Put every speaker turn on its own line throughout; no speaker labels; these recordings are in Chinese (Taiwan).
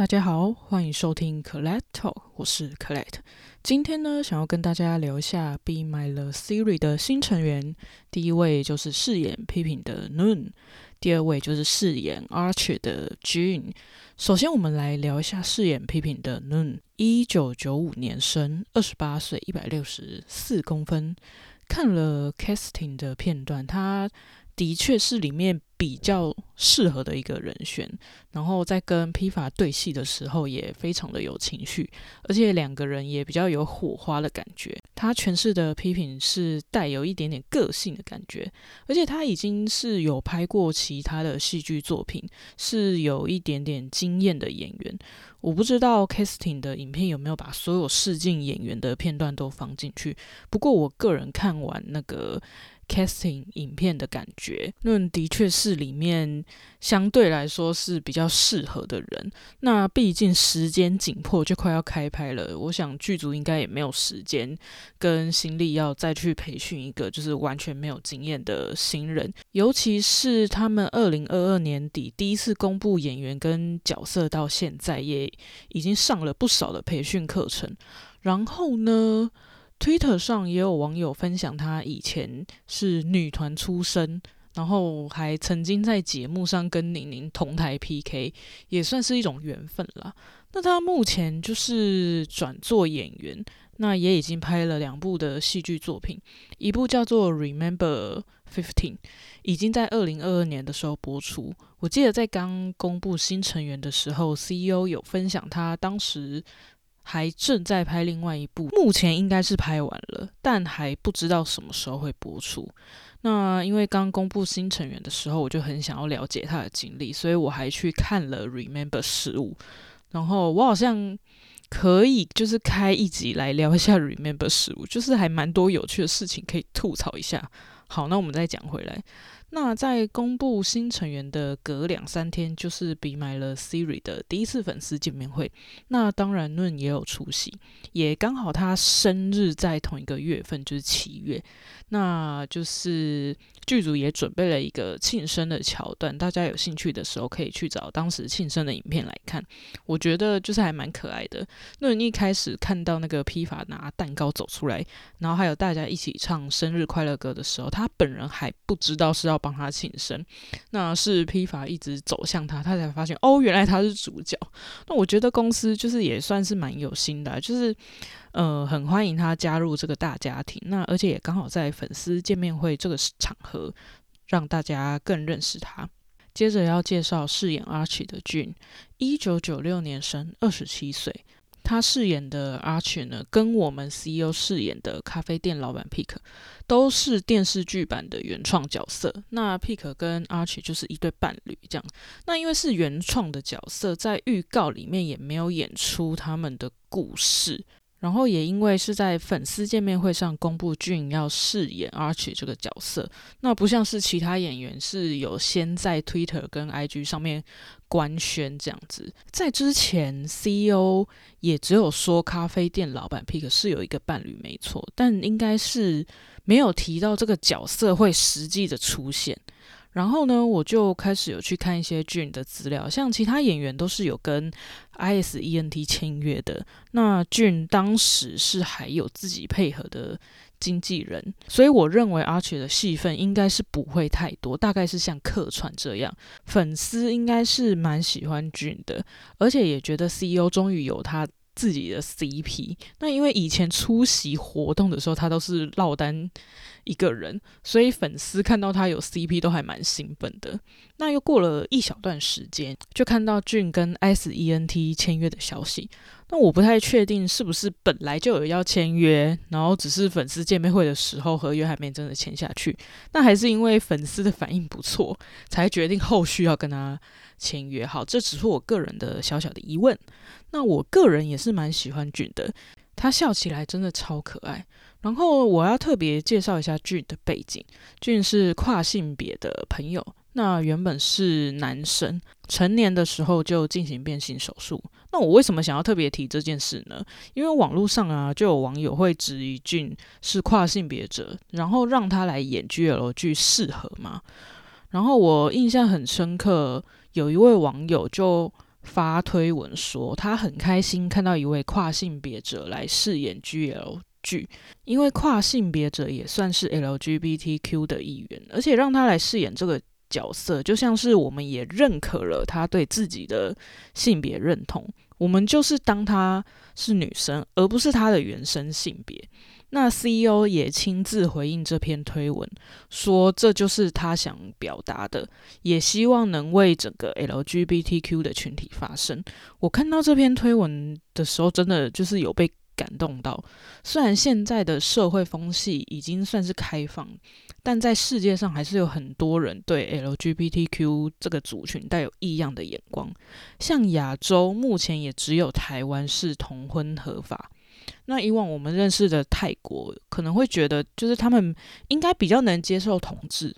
大家好，歡迎收聽 Colette Talk，我是 Colette。今天呢，想要跟大家聊一下《Be Mine The Series》的新成員。第一位就是飾演 Pipim 的 Noon，第二位就是飾演 Achi 的 Gene。首先，我們來聊一下飾演 Pipim 的 Noon。一九九五年生，二十八歲，一百六十四公分。看了 Casting 的片段，他的確是裡面比較適合的一個人選，然後在跟披發對戲的時候也非常的有情緒，而且兩個人也比較有火花的感覺。他詮釋的 Pipim 是帶有一點點個性的感覺，而且他已經是有拍過其他的戲劇作品，是有一點點經驗的演員。我不知道 casting 的影片有沒有把所有試鏡演員的片段都放進去，不過我個人看完那個。casting 影片的感覺，那的確是裡面相對來說是比較適合的人。那畢竟時間緊迫，就快要開拍了，我想劇組應該也沒有時間跟心力要再去培訓一個就是完全沒有經驗的新人。尤其是他們二零二二年底第一次公布演員跟角色，到現在也已經上了不少的培訓課程。然後呢，Twitter 上也有網友分享，他以前是女團出身，然後還曾經在節目上跟寧寧同台 PK，也算是一種緣分了。那他目前就是轉做演員，那也已經拍了兩部的戲劇作品，一部叫做《Remember Fifteen》，已經在二零二二年的時候播出。我記得在剛公布新成員的時候，CEO 有分享他當時，還正在拍另外一部，目前應該是拍完了，但還不知道什麼時候會播出。那因為剛公布新成員的時候，我就很想要了解他的經歷，所以我還去看了《Remember 15》。然後我好像可以就是開一集來聊一下《Remember 15》，就是還蠻多有趣的事情可以吐槽一下。好，那我們再講回來。那在公布新成員的隔兩三天，就是比買了 Siri 的第一次粉絲見面會。那當然，論也有出席，也剛好他生日在同一個月份，就是七月。那就是劇組也準備了一個慶生的橋段，大家有興趣的時候可以去找當時慶生的影片來看。我覺得就是還蠻可愛的。論一開始看到那個批發拿蛋糕走出來，然後還有大家一起唱生日快樂歌的時候，他本人還不知道是要幫他慶生，那是批發一直走向他，他才發現哦，原來他是主角。那我覺得公司就是也算是蠻有心的，就是呃，很歡迎他加入這個大家庭。那而且也剛好在粉絲見面會這個場合，讓大家更認識他。接着要介紹飾演阿 e 的俊，一九九六年生，二十七歲。他飾演的 Achi 呢，跟我們 CEO 飾演的咖啡店老闆 Pipim 都是電視劇版的原創角色。那 Pipim 跟 Achi 就是一對伴侶，這樣。那因為是原創的角色，在預告裡面也沒有演出他們的故事。然後也因為是在粉絲見面會上公布 Gene 要飾演 Achi 這個角色，那不像是其他演員是有先在 Twitter 跟 IG 上面官宣這樣子，在之前 CEO 也只有說咖啡店老板 Pick 是有一個伴侶沒錯，但應該是沒有提到這個角色會實際的出現。然後呢，我就開始有去看一些 Gene 的資料，像其他演員都是有跟 I S E N T 簽約的，那 Gene 當時是還有自己配合的經紀人，所以我認為 Achi 的戲份應該是不會太多，大概是像客串這樣。粉絲應該是蠻喜歡 Gene 的，而且也覺得 CEO 終於有他。自己的 CP，那因為以前出席活動的時候他都是落單一個人，所以粉絲看到他有 CP 都還蠻興奮的。那又過了一小段時間，就看到 Gene 跟 SENT 簽約的消息。那我不太確定是不是本來就有要簽約，然後只是粉絲見面會的時候合約還沒真的簽下去，那還是因為粉絲的反應不錯，才決定後續要跟他。簽約。好，這只是我個人的小小的疑問。那我個人也是蠻喜歡俊的，他笑起來真的超可愛。然後我要特別介紹一下俊的背景，俊是跨性別的朋友，那原本是男生，成年的時候就進行變性手術。那我為什麼想要特別提這件事呢？因為網絡上啊，就有網友會質疑俊是跨性別者，然後讓他來演 GL，GL 適合嗎？然後我印象很深刻。有一位網友就發推文說，他很開心看到一位跨性別者來飾演 GLG，因為跨性別者也算是 LGBTQ 的一員，而且讓他來飾演這個角色，就像是我們也認可了他對自己的性別認同，我們就是當他是女生，而不是他的原生性別。那 CEO 也親自回應這篇推文，說這就是他想表達的，也希望能為整個 LGBTQ 的群體發聲。我看到這篇推文的時候，真的就是有被感動到。雖然現在的社會風氣已經算是開放，但在世界上還是有很多人對 LGBTQ 這個族群帶有異樣的眼光。像亞洲，目前也只有台灣是同婚合法。那以往我們認識的泰國，可能會覺得就是他們應該比較能接受同志，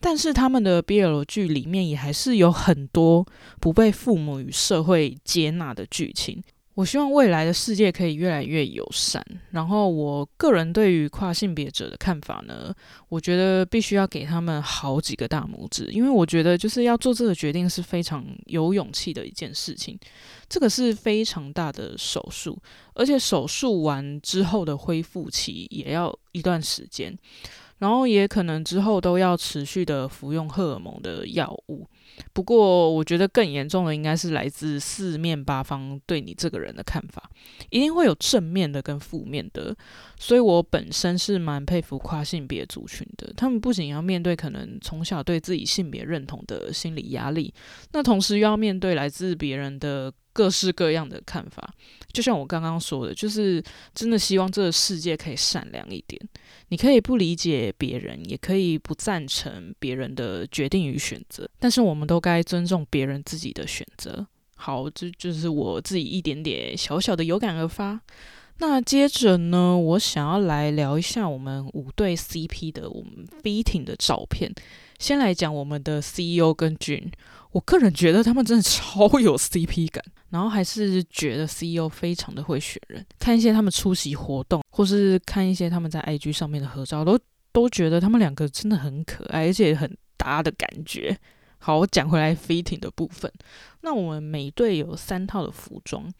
但是他們的 BL 劇裡面也還是有很多不被父母與社會接納的劇情。我希望未來的世界可以越來越友善。然後，我個人對於跨性別者的看法呢，我覺得必須要給他們好幾個大拇指，因為我覺得就是要做這個決定是非常有勇氣的一件事情。這個是非常大的手術，而且手術完之後的恢復期也要一段時間，然後也可能之後都要持續的服用荷爾蒙的藥物。不過，我覺得更嚴重的應該是來自四面八方對你這個人的看法，一定會有正面的跟負面的。所以我本身是蠻佩服跨性別族群的，他們不僅要面對可能從小對自己性別認同的心理壓力，那同時又要面對來自別人的。各式各樣的看法，就像我剛剛說的，就是真的希望這個世界可以善良一點。你可以不理解別人，也可以不贊成別人的決定與選擇，但是我們都該尊重別人自己的選擇。好，這就是我自己一點點小小的有感而發。那接着呢，我想要來聊一下我們五對 CP 的我們 fitting 的照片。先來講我們的 CEO 跟 Gene。我個人覺得他們真的超有 CP 感，然後還是覺得 CEO 非常的會選人，看一些他們出席活動，或是看一些他們在 IG 上面的合照，都都覺得他們兩個真的很可愛，而且很搭的感覺。好，我講回來 Fitting 的部分，那我們每隊有三套的服裝，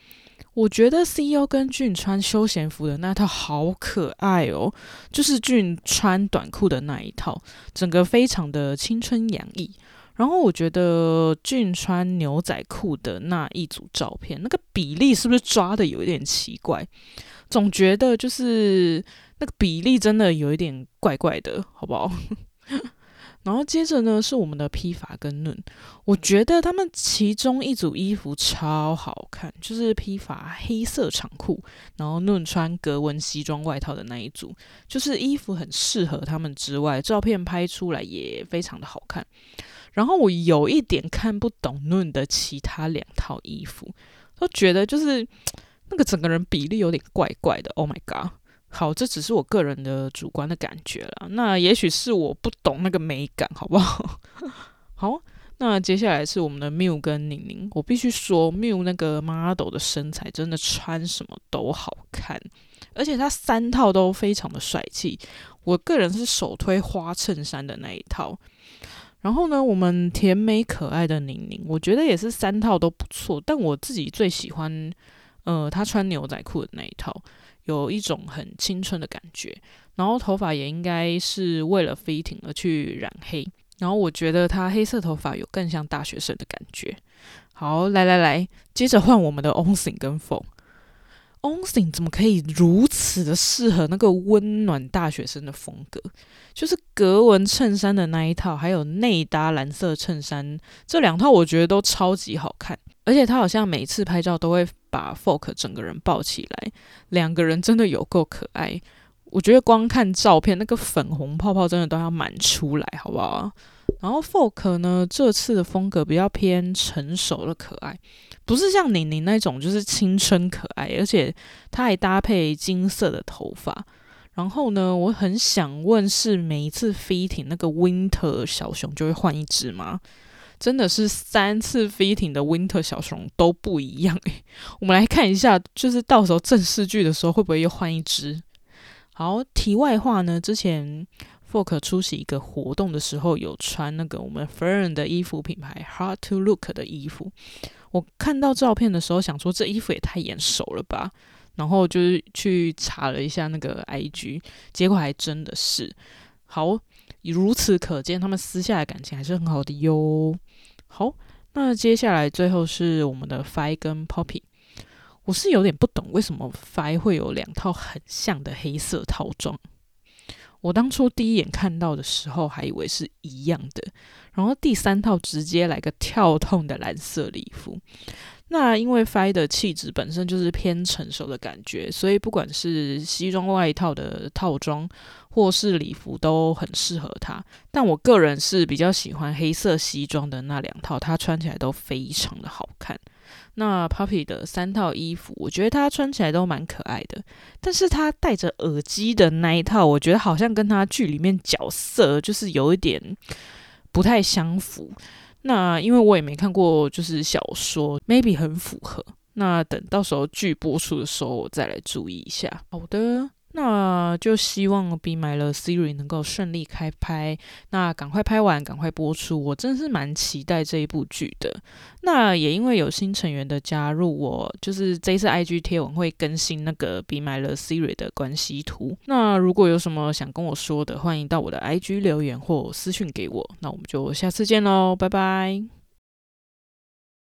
我覺得 CEO 跟俊穿休閒服的那套好可愛哦，就是俊穿短褲的那一套，整個非常的青春洋溢。然後我覺得俊穿牛仔褲的那一組照片，那個比例是不是抓的有點奇怪？總覺得就是那個比例真的有一點怪怪的，好不好？然後接着呢是我們的披發跟 Noon，我覺得他們其中一組衣服超好看，就是披發黑色長褲，然後 Noon 穿格紋西裝外套的那一組，就是衣服很適合他們之外，照片拍出來也非常的好看。然後我有一點看不懂 Noon 的其他兩套衣服，都覺得就是那個整個人比例有點怪怪的，Oh my God！好，這只是我個人的主觀的感覺了。那也許是我不懂那個美感，好不好？ 好，那接下來是我們的繆跟寧寧。我必須說，繆那個 model 的身材真的穿什麼都好看，而且她三套都非常的帥氣。我個人是首推花襯衫的那一套。然後呢，我們甜美可愛的寧寧，我覺得也是三套都不錯，但我自己最喜歡呃她穿牛仔褲的那一套。有一種很青春的感覺，然後頭髮也應該是為了 fitting 而去染黑，然後我覺得他黑色頭髮有更像大學生的感覺。好，來來來，接着換我們的 Noon 跟 Gene。Noon 怎麼可以如此的適合那個溫暖大學生的風格？就是格紋襯衫的那一套，還有內搭藍色襯衫這兩套，我覺得都超級好看。而且他好像每次拍照都會把 Fork 整個人抱起來，兩個人真的有夠可愛。我覺得光看照片，那個粉紅泡泡真的都要滿出來，好不好？然後 Fork 呢，這次的風格比較偏成熟的可愛，不是像寧寧那種就是青春可愛。而且他還搭配金色的頭髮。然後呢，我很想問，是每一次 fitting 那個 Winter 小熊就會換一隻嗎？真的是三次 fitting 的 Winter 小熊都不一樣誒、欸， 我們來看一下，就是到時候正式劇的時候會不會又換一隻？好，題外話呢，之前 Folk 出席一個活動的時候有穿那個我們 Fern 的衣服品牌 Hard to Look 的衣服，我看到照片的時候想說，這衣服也太眼熟了吧，然後就是去查了一下那個 IG，結果還真的是。好，如此可見，他們私下的感情還是很好的喲。好，那接下來最後是我們的 Fi 跟 Poppy，我是有點不懂為什麼 Fi 會有兩套很像的黑色套裝，我當初第一眼看到的時候還以為是一樣的，然後第三套直接來個跳痛的藍色禮服。那因為 Faye 的氣質本身就是偏成熟的感覺，所以不管是西裝外套的套裝，或是禮服都很適合他。但我個人是比較喜歡黑色西裝的那兩套，他穿起來都非常的好看。那 Puppy 的三套衣服，我覺得他穿起來都蠻可愛的，但是他戴着耳機的那一套，我覺得好像跟他劇裡面角色就是有一點不太相符。那因為我也沒看過，就是小說，maybe 很符合。那等到時候劇播出的時候，我再來注意一下。好的。那就希望《Be Mine The Series》能夠順利開拍，那趕快拍完，趕快播出。我真是蠻期待這一部劇的。那也因為有新成員的加入我，我就是這一次 IG 貼文會更新那個《Be Mine The Series》的關係圖。那如果有什麼想跟我說的，歡迎到我的 IG 留言或私訊給我。那我們就下次見嘍，拜拜。